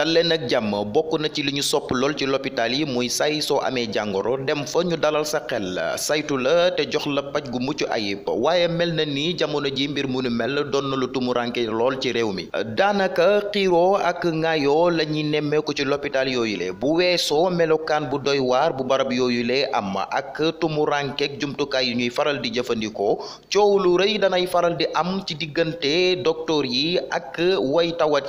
dalee nag jàmm bokk na ci li ñu sopp lool ci loppitaal yi muy say soo amee jàngoro dem fa ñu dalal sa xel saytu la te jox la paj gu mucc ayib waaye mel na ni jamono ji mbir mu nu mel doon na lu tumuranke lool ci réew mi daanaka xiiroo ak ŋaayoo la ñuy nemmeeku ci l'hôpital yooyu le bu weesoo melokaan bu doy waar bu barab yooyu le am ak tumurankeeg jumtukaay yu ñuy faral di jëfandikoo coow lu rëy danay faral di am ci diggante docteur yi ak way tawat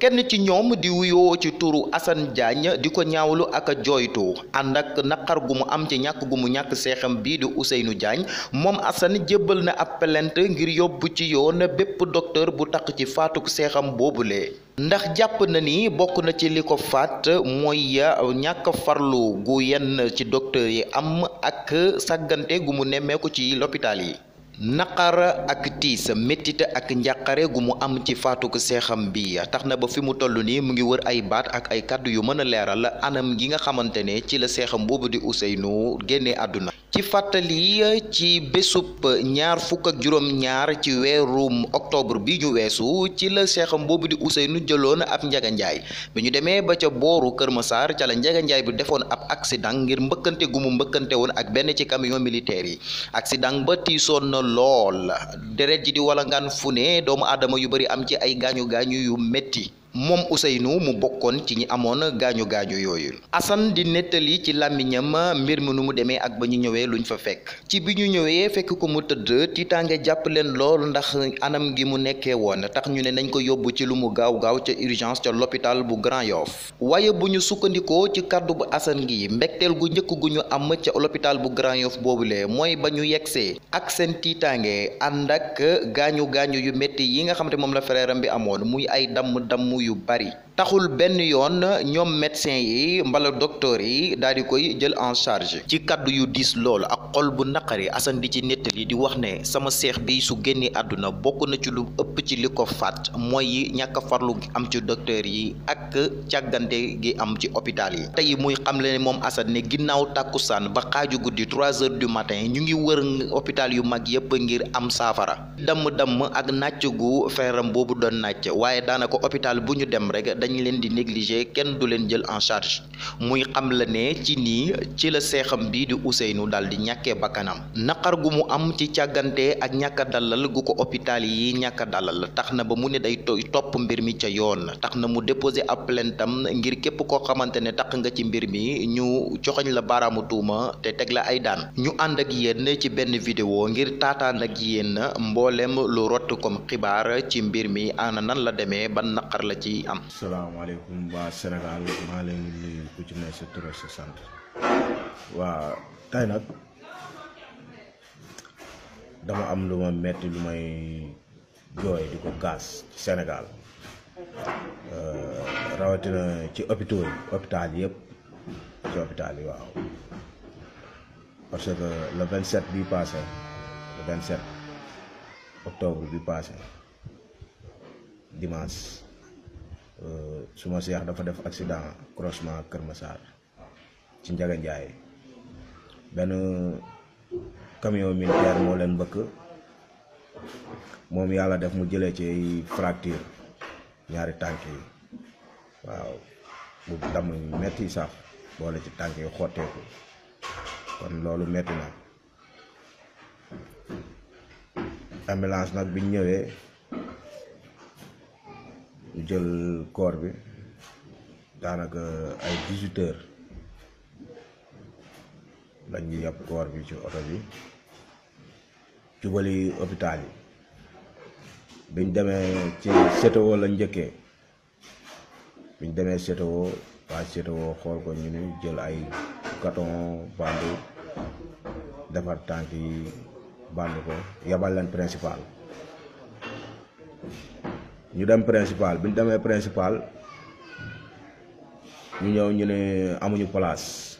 kenn ci ñoom di wuyoo ci turu Assane Diagne di ko ñaawlu ak a jooytu ànd ak naqar gu mu am ci ñàkk gu mu ñàkk seexam bii di Ousseynou Diagne moom Assane jébbal na ab plainte ngir yóbbu ci yoon bépp docteur bu taq ci faatug seexam boobule. ndax jàpp na ni bokk na ci li ko faat mooy ya ñàkk farlu gu yenn ci docteur yi am ak sàggante gu mu nemmeeku ci l'hôpital yi naqara ak tiis méttita ak njàqare gu mu am ci faatuk seexam bi tax na ba fi mu toll nii mu ngi wër ay baat ak ay kàddu yu mën a leeral anam gi nga xamante ne ci la seexam mboobu di nu génnee àdduna ci fàttali ci bésub ñaar fukk ak juróom ñaar ci weerum octobre bi ñu weesu ci la seexam boobu di Ousseynou jëloon ab njaganjaay bi ñu demee ba ca booru Kër Massar ca la njaganjaay bi defoon ab accident ngir mbëkkante gu mu mbëkkante woon ak benn ci camion militaire yi accident ba tiisoon na lool deret ji di ngan fu ne doomu aadama yu bari am ci ay gaañu gaañu yu metti moom Ousseynou mu bokkoon ci ñi amoon gaañu gaañu yooyu Assane di nettali ci làmmiñam mbir mi nu mu demee ak ba ñu ñëwee lu ñu fa fekk ci bi ñu ñëwee fekk ko mu tëdd tiitaange jàpp leen lool ndax anam gi mu nekkee woon tax ñu ne nañ ko yóbbu ci lu mu gaaw gaaw ca urgence ca l'hôpital bu Grand Yoff waaye bu ñu sukkandikoo ci kàddu bu Assane gi mbégteel gu njëkk gu ñu am ca l'hôpital bu Grand boobu boobule mooy ba ñu yegsee ak seen tiitaange ànd ak gaañu gaañu yu métti yi nga xamante moom la frère am bi amoon muy ay damm damm yu bari taxul benn yoon ñoom médecin yi mbala docteur yi daal di koy jël en charge ci kàddu yu diis loolu ak xol bu naqari Assane di ci nettali di wax ne sama seex bi su génnee àdduna bokk na ci lu ëpp ci li ko faat mooy ñàkk a farlu gi am ci docteur yi ak càggante gi am ci hôpital yi tey muy xam xamle ne moom Assane ne ginnaaw tàkkusaan ba xaaju guddi trois heures du matin ñu ngi wër hôpital yu mag yëpp ngir am saafara damm damm ak nàcc gu feeram boobu doon nàcc waaye daanaka hôpital bu ñu dem rek dañ leen di négliger kenn du leen jël en charge muy xam la ne ci nii ci la seexam bi di Ousseynou daal di ñàkkee bakkanam naqar gu mu am ci càggante ak ñàkk a gu ko hôpital yi ñàkk a tax na ba mu ne day topp mbir mi ca yoon tax na mu déposer ab plainte ngir képp koo xamante ne tax nga ci mbir mi ñu joxoñ la baaraamu tuuma te teg la ay daan ñu ànd ak yéen ci benn vidéo ngir taataan ak yéen mboolem lu rott comme xibaar ci mbir mi ana nan la demee ban naqar la ci am asalaamaaleykum waa Sénégal maa leen di nuyu ku ci ne sa sant waa tey nag dama am lu ma metti lu may jooy di ko kaas ci Sénégal euh, rawatina ci hôpitaux yi hôpital yëpp ci hôpital yi waaw parce que le 27 bi passé le 27 octobre bi passé dimanche. Euh, suma seex dafa def accident croisement Kër Massar ci Njaga Njaay benn camion militaire moo leen bëkk moom yàlla def mu jëlee ci fracture ñaari tànk yi waaw bu damm metti sax boole ci tànk yi xotteeku kon loolu metti na ambulance nag biñ ñëwee ñu jël koor bi daanaka ay 18 heures lañ koor bi ci oto bi jubali hôpital yi biñ demee ci CTO lañ njëkkee biñ demee CTO waa CTO xool ko ñu ne jël ay carton bande defar tànk yi band ko yabal leen principal ñu dem principal bi ñu demee principal ñu ñëw ñu ne amuñu place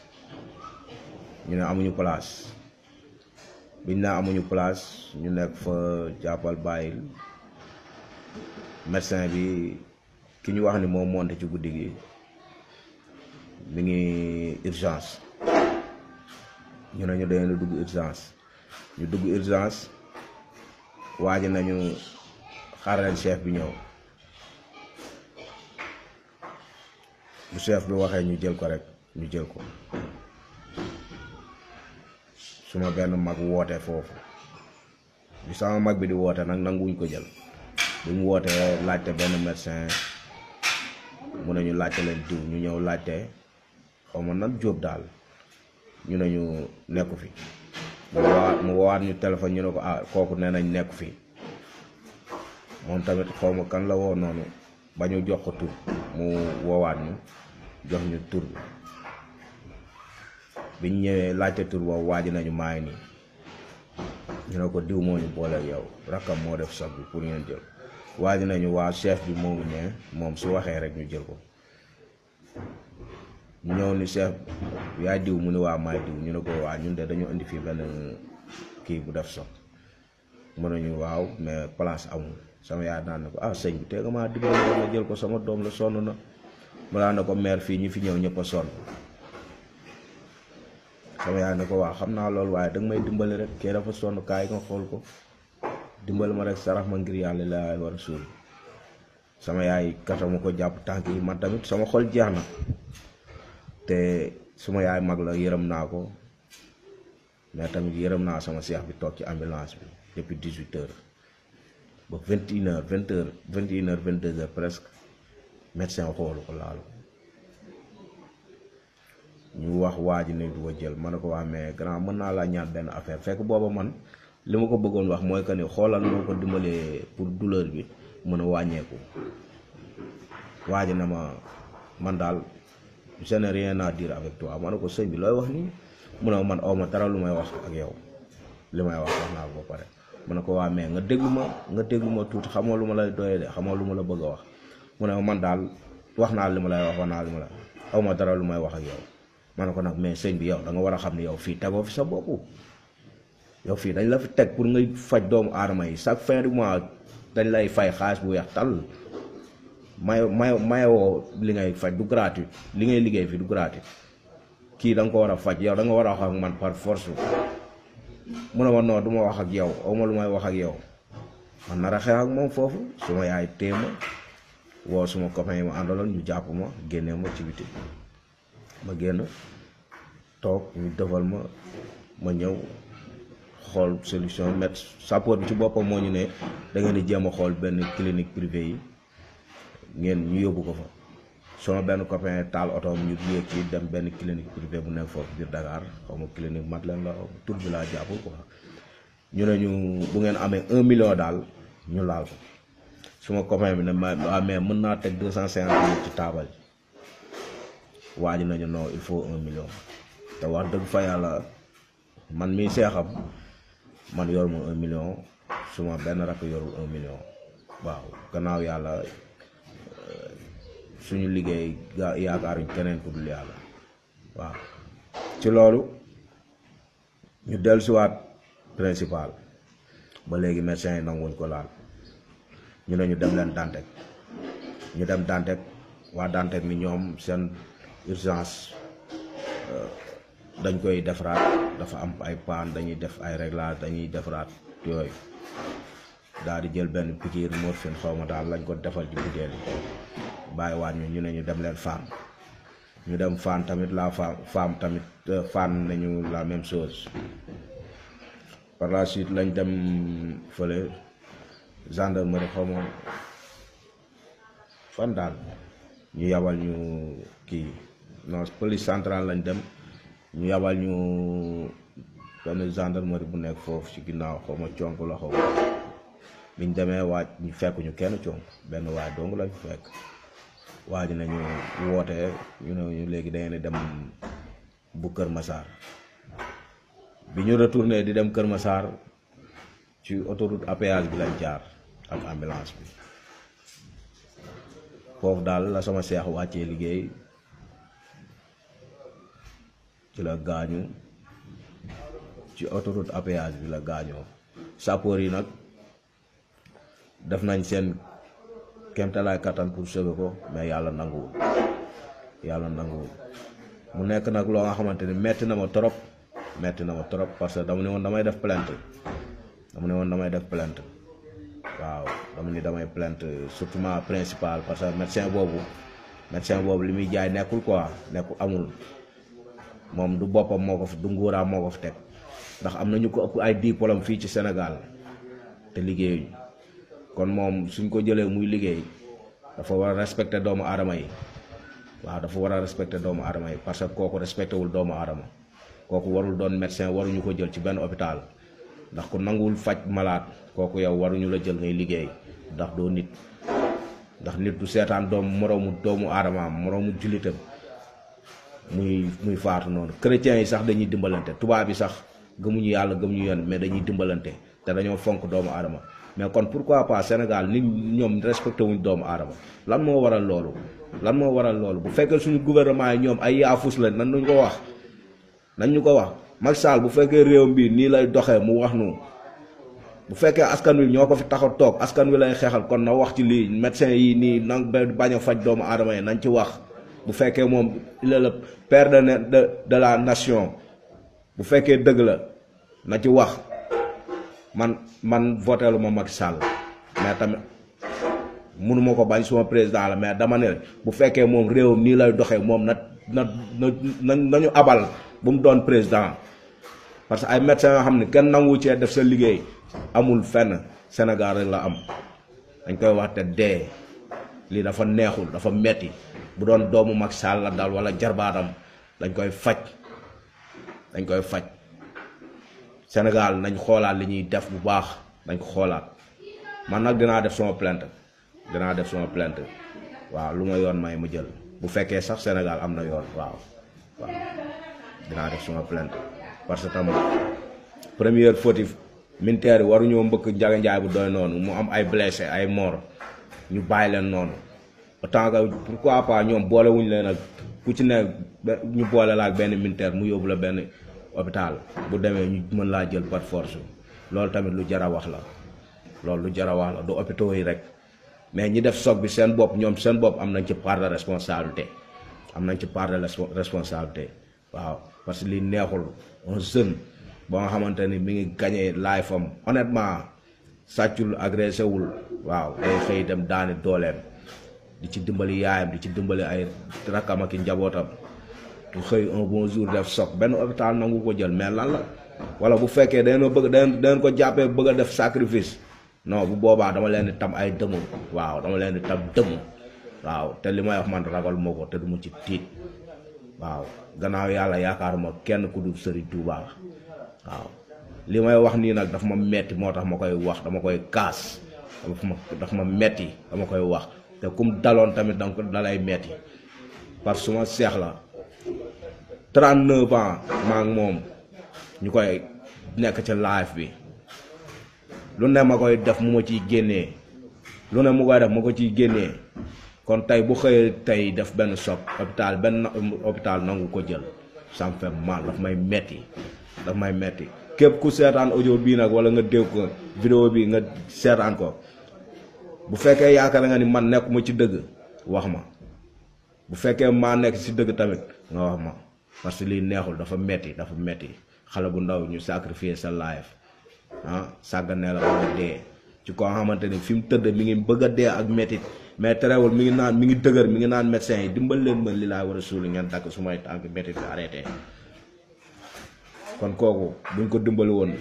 ñu ne amuñu place biñ naa amuñu place ñu nekk fa jàppal bàyyil médecin bi ki ñu wax ni moom monte ci guddi gi mi ngi urgence ñu ne ñu dañu dugg urgence ñu dugg urgence waaji nañu xaaral leen chef bi ñëw bu chef bi waxee ñu jël ko rek ñu jël ko suma benn mag wootee foofu sama mag bi di woote nag nanguwuñ ko jël bi mu wootee laajte benn médecin mu ne ñu laajte leen diw ñu ñëw laajte xaw ma nag jóob daal ñu ne ñu nekku fi mu woowaat mu woowaat ñu téléphone ñu ne ko ah kooku nee nañ nekku fi moom tamit xaw ma kan la woo noonu ba ñu jox ko tur mu woowaat ñu jox ñu tur bi biñ ñëwee laajte tur boobu waaji nañu maa ngi nii ñu ne ko diw moo ñu boole yow rakkam moo def sax bi pour ngeen jël waaji nañu waa chef bi moom ngi ne moom su waxee rek ñu jël ko ñu ñëw ni chef yaay diw mu ni waa maay diw ñu ne ko waa ñu de dañu indi fi benn kii bu def sax mën nañu waaw mais place amul sama yaay naan ne ko ah sëñ bi tey nga maa dimbali nga jël ko sama doom la sonn na mu laa ne ko meer fii ñu fi ñëw ñëpp a sonn sama yaay ne ko waa xam naa loolu waaye danga may dimbali rek kee dafa sonn kaay nga xool ko dimbali ma rek sarax ma ngir yàlla laa war a suul sama yaay katamu ko jàpp tànk yi man tamit sama xol jeex na te suma yaay mag la yërëm naa ko mais tamit yërëm naa sama seex bi toog ci ambulance bi depuis 18 heures. ba vingt une heure vingt heures vingt une heure vingt deux heures presque médecin xoolu ko laalu ñu wax waa ji ne du ko jël man ne ko waa mais grand mën naa laa ñaan benn affaire fekk booba man li ma ko bëggoon wax mooy que ni xoolal moo ko dimbalee pour douleur bi mën a wàññeeku waa na ma man daal je n'ai rien à dire avec toi ma ne ko sëñ bi looy wax nii mu ne man aw ma dara lu may wax ak yow li may wax wax naa ko pare. mu ne ko waa mais nga déglu ma nga déglu ma tuuti xamoo lu ma lay doyee de xamoo lu ma la bëgg wax mu ne man daal wax naa li ma lay wax wax naa li ma la aw ma dara lu may wax ak yow ne ko nag mais sëñ bi yow da nga war a xam ne yow fii tegoo fi sa bopp yow fii dañ la fi teg pour ngay faj doomu aadama yi chaque fin du mois dañ lay fay xaalis bu weex tàll may may mayewoo li ngay faj du gratuit li ngay liggéey fii du gratuit kii da nga ko war a faj yow danga war a wax man par force mu ne ma non du wax ak yow aw ma lu may wax ak yow man nar a xeex ak moom foofu su ma yaay tee woo suma copain yi ma àndaloon ñu jàpp ma génnee ma ci biti ma génn toog ñu defal ma ma ñëw xool solution met sapeur bi ci boppam moo ñu ne da ngeen di jéem xool benn clinique privée yi ngeen ñu yóbbu ko fa sama benn copain taal oto ñu yéeg ci dem benn clinique privée bu nekk foofu biir Dakar xaw ma clinique mat leen la tur bi laa jàppul quoi ñu ne ñu bu ngeen amee un million daal ñu laal ko suma copain bi ne ma waaw ah, mais mën naa teg deux cent cinquante mille ci taabal ji waaj nañu non il faut un million te wax dëgg fa yàlla man mi seexam man yor ma un million suma benn rakk yorul un million waaw gannaaw yàlla suñu liggéey ga yaakaaruñ keneen ku dul yàlla waaw ci loolu ñu dellusiwaat principal ba léegi médecin yi nanguwuñ ko laal ñu ne ñu dem leen Dantec ñu dem Dantec waa danteek ni ñoom seen urgence euh, dañ koy defaraat dafa am ay paan dañuy def ay réglage dañuy defaraat yooyu daal di jël benn pikiir morphine xaw ma daal lañ ko defal ci butéel yi bàyyiwaat ñu ñu ne ñu dem leen Fann ñu dem Fann tamit la Fann tamit euh, Fann nañu la même soos par la suite lañ dem fële gendarmerie xaw ma fan daal ñu yabal ñu kii non police centrale lañ dem ñu yabal ñu benn gendarmerie bu nekk foofu ci ginnaaw xaw ma conk la xaw biñ demee waaj ñu fekk ñu kenn conk benn waay dong lañ fekk waa ji nañu woote ñu ne ñu léegi da dem bu Kër Massar bi ñu retourné di dem Kër masaar ci autoroute à bi lañ jaar ak ambulance bi foofu daal la sama seex wàccee liggéey ci la gaañu ci autoroute à bi la gaañoo sappoor yi nag def nañ seen kéemtalaay kattan pour sauver ko mais yàlla nanguwul yàlla nanguwul mu nekk nag loo nga xamante ni metti na ma trop metti na ma trop parce que dama ne woon damay def plainte dama ne woon damay def plant waaw dama ni damay plainte surtout principal parce que médecin boobu médecin boobu li muy jaay nekkul quoi nekkul amul moom du boppam moo ko fi du nguuraam moo ko fi teg ndax am na ñu ko ëpp ay diplôme fii ci senegal te liggéeyuñu kon moom suñ ko jëlee muy liggéey dafa war a respecté doomu aadama yi waaw dafa war a respecté doomu aadama yi parce que kooku respecté wul doomu adama kooku warul doon médecin waruñu ko jël ci benn hôpital ndax ku nanguwul faj malaat kooku yow waruñu la jël ngay liggéey ndax doo nit ndax nit du seetaan doom moroomu doomu aadamaam moroomu jullitam muy muy faatu noonu chrétiens yi sax dañuy dimbalante tubaab yi sax gëmuñu yàlla gëmuñu yoon mais dañuy dimbalante te dañoo fonk doomu aadama mais kon pourquoi pas Sénégal ni ñoom respecté wuñ doomu aadama lan moo waral loolu lan moo waral loolu bu fekkee suñu gouvernement yi ñoom ay yaafus la nan ñu ko wax nañ ñu ko wax Macky Sall bu fekkee réew mbi nii lay doxee mu wax nu bu fekkee askan wi ñoo ko fi tax a toog askan wi lay xeexal kon na wax ci lii médecin yi nii nang bañ a faj doomu aadama yi nañ ci wax bu fekkee moom il est le père de de la nation bu fekkee dëgg la na ci wax man man voteelu ma Macky Sall mais tamit mënu ko bañ suma président la mais dama ne bu fekkee moom réew nii lay doxee moom na na na nañu abal bu mu doon président parce que ay médecins yoo xam ne kenn nangu cee def sa liggéey amul fenn Sénégal rek la am dañ koy wax te dee lii dafa neexul dafa metti bu doon doomu Macky Sall la daal wala jarbaatam dañ koy faj dañ koy faj Sénégal nañu xoolaat li ñuy def bu baax nañ ko xoolaat man nag dinaa def sama plainte dinaa def sama plante waaw lu ma yoon may ma jël bu fekkee sax Sénégal am na yoon waaw waaw dinaa def sama plainte parce que tamit première fautif militaire yi waruñoo mbëkk Ndiaga bu doy noonu mu am ay blessé ay mort ñu bàyyi leen noonu autant que pourquoi pas ñoom boolewuñ leen ak ku ci ne ñu boole la ak benn militaire mu yóbbu la benn. hôpital bu demee ñu mën laa jël par force loolu tamit lu jar a wax la loolu lu jar a wax la du hôpitaux yi rek mais ñi def soog bi seen bopp ñoom seen bopp am nañ ci part de responsabilité am nañ ci part de responsabilité waaw parce que li neexul un jeune boo nga xamante ni mi ngi gañee laay fam honnêtement sàccul agressé wul waaw day xëy dem daani dooleem di ci dimbali yaayam di ci dimbali ay rakkam ak i njabootam du xëy un bon jour def soog benn hôpital nangu ko jël mais lan la wala bu fekkee dañoo bëgg dañ ko jàppee bëgg a def sacrifice non bu boobaa dama leen di tam ay dëmm waaw dama leen di tam dëmm waaw te li may wax man ragal ko te du ma ci waaw gannaaw yàlla yaakaaruma kenn ku dul sëriñ Tuubaa waaw li may wax nii nag daf ma metti moo tax ma koy wax dama koy kaas dafa ma dafa ma metti dama koy wax te kum daloon tamit danga ko dalay metti parce que suma seex la 39 ans maa moom ñu koy nekk ci live bi lu ne ma koy def mu ma ci génnee lu ne mu koy def ma ko ci génnee kon tey bu xëyee tey def benn choc hôpital benn hôpital nangu ko jël ça me fait mal daf may metti daf may metti képp ku seetaan ojo bii nag wala nga dégg ko vidéo bi nga seetaan ko bu fekkee yaakaar nga ni man nekkuma ci dëgg wax ma bu fekkee maa nekk ci dëgg tamit nga wax ma parce que lii neexul dafa metti dafa metti xale bu ndaw ñu sacrifier sa life ah sàgganee la ba dee ci koo xamante ni fi mu tëdd mi ngi bëgg a dee ak mettit mais terewul mi ngi naan mi ngi dëgër mi ngi naan médecin yi dimbal leen ma li laa war a suul ngeen dakk su may mettit bi arrêté kon kooku buñ ko dimbali woon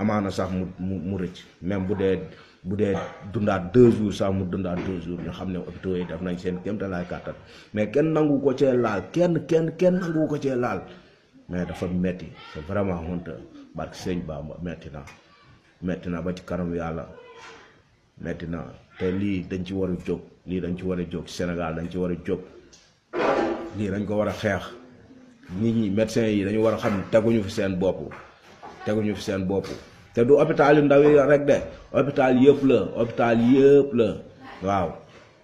amaana sax mu mu mu rëcc même bu dee bu dee ah. dundaat deux jours sax mu dundaat deux jours ñu xam ne hôpitaux yi def nañ seen kéemtalaay kàttan mais kenn nangu ko cee laal kenn kenn kenn nangu ko cee laal mais dafa metti c'est vraiment honteux barke sëñ Bamba metti na metti na ba ci kanam yàlla metti na te lii dañ ci war a jóg lii dañ ci war a jóg Sénégal dañ ci war a jóg lii dañ ko war a xeex nit ñi médecins yi dañu war a xam teguñu fi seen bopp teguñu fi seen bopp te du hôpital yu ndaw rek de hôpital yëpp la hôpital yëpp la waaw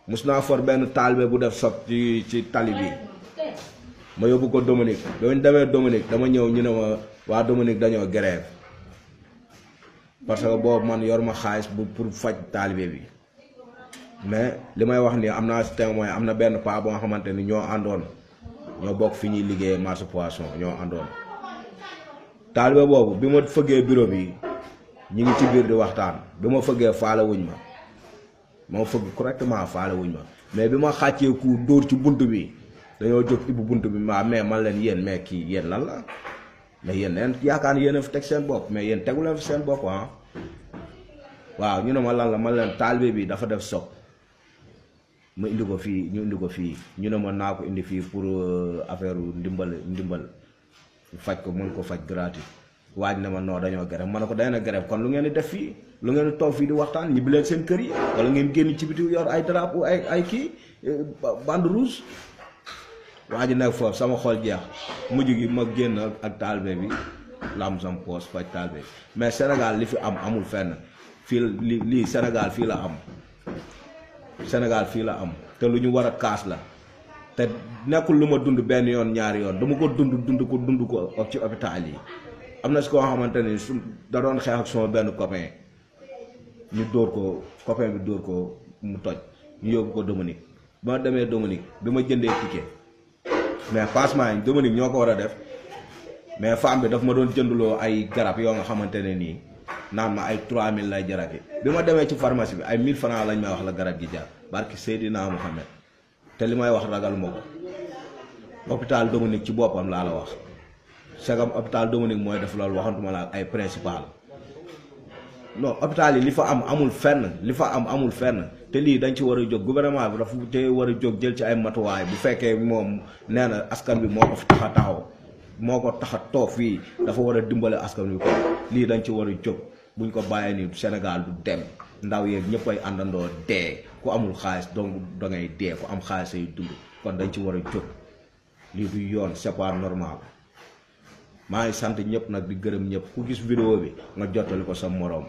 mus naa for benn taalibe bu def sob ci ci tali bi ma yóbbu ko Dominique ba ñu demee Dominique dama ñëw ñu ne ma waa Dominique dañoo grève parce que boobu man yor ma xaalis bu pour faj taalibe bi mais li wax nii am naa témoin am na benn paa boo nga xamante ni ñoo àndoon ñoo fi ñuy liggéeyee marché taalibe boobu bi ma fëggee bureau bi. ñu ngi ci biir di waxtaan bi ma fëggee faale wuñ ma ma fëgg correctement faale wuñ ma mais bi ma xàccee ku dóor ci bunt bi dañoo jóg ibbu bunt bi ma mais man leen yéen mais kii yéen lan la mais yéen neen yaakaar yéen a fi teg seen bopp mais yéen teguleen fi seen bopp ah waaw ñu ne ma lan la man leen taalibe bi dafa def sob ma indi ko fii ñu indi ko fii ñu ne ma naa ko indi fii pour euh, affaire ndimbal ndimbal faj ko mën ko faj gratuit waaj na ma non dañoo grève man ne ko dana grève kon lu ngeen di def fii lu ngeen di toog fii di waxtaan ñibbi leen seen kër yi wala ngeen génn ci biti yoon ay drapeau ay ay kii eh, bande rouge waa ji nag foofu sama xol jeex mujj gi ma génn ak taalibe bi lam sam poos faj taalibe bi mais Sénégal li fi am amul fenn fii li lii senegal fii la am senegal fii la am te lu ñu war a kaas la te nekkul lu ma dund benn yoon ñaari yoon dama ko dund dund ko dund ko ci hôpital yi am na si koo xamante ni su da doon xeex ak sama benn copain ñu dóor ko copain bi dóor ko mu toj ñu yóbbu ko Dominique ba ma demee Dominique bi ma jëndee ticket mais passement yi Dominique ñoo ko war a def mais femme bi daf ma doon jënduloo ay garab yoo nga xamante ne nii naan ma ay mille lay jarab yi bi ma demee ci pharmacie bi ay mille francs lañ may wax la garab gi jar barki Seydina Mohamed te li may wax ragal ma ko hôpital Dominique ci boppam laa la wax. sagam hôpital Dominique mooy def loolu waxantuma la ay principal non hôpital yi li fa am amul fenn li fa am amul fenn te lii dañ ci war a jóg gouvernement bi dafa te war a jóg jël ci ay matuwaay bu fekkee moom nee na askan bi moo ko fi tax taxaw moo ko tax a toog fii dafa war a dimbale askan bi ko lii dañ ci war a jóg buñ ko bàyyee ni senegal du dem ndaw yee ñëpp ay àndandoo dee ku amul xaalis donc dangay dee ku am xaalis ay dund kon dañ ci war a jóg lii du yoon c'est pas maa ngi sant ñëpp nag di gërëm ñëpp ku gis vidéo bi nga jottali ko sa moroom